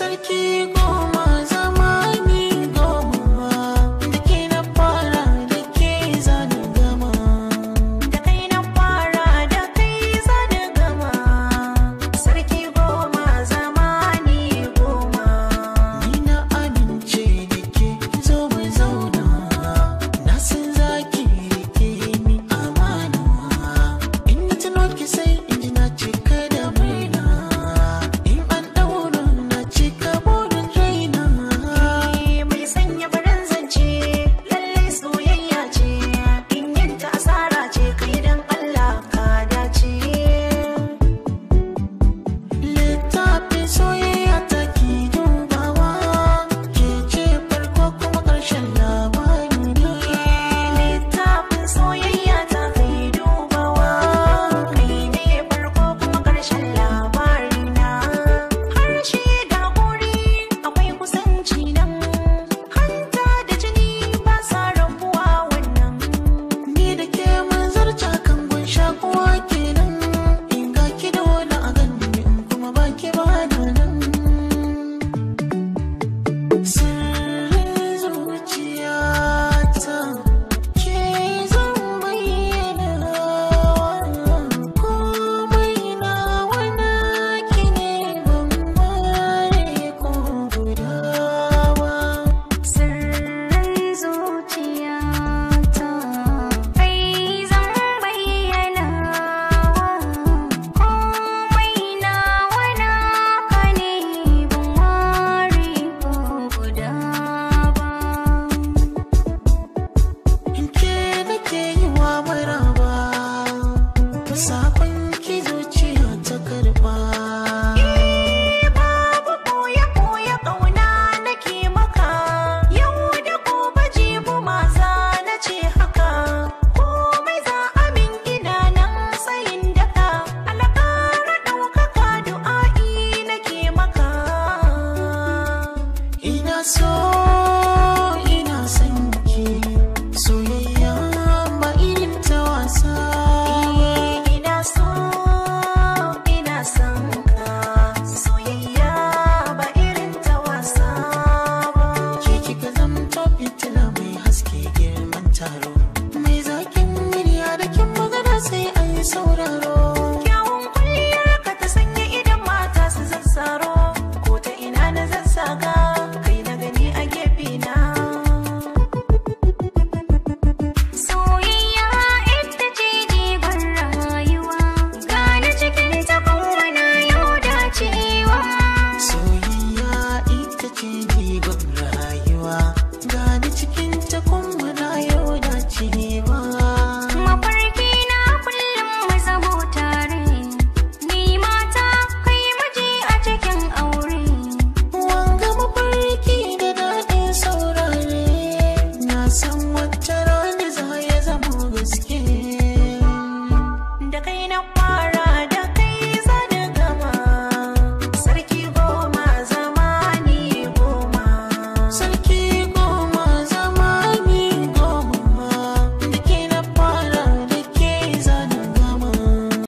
sarki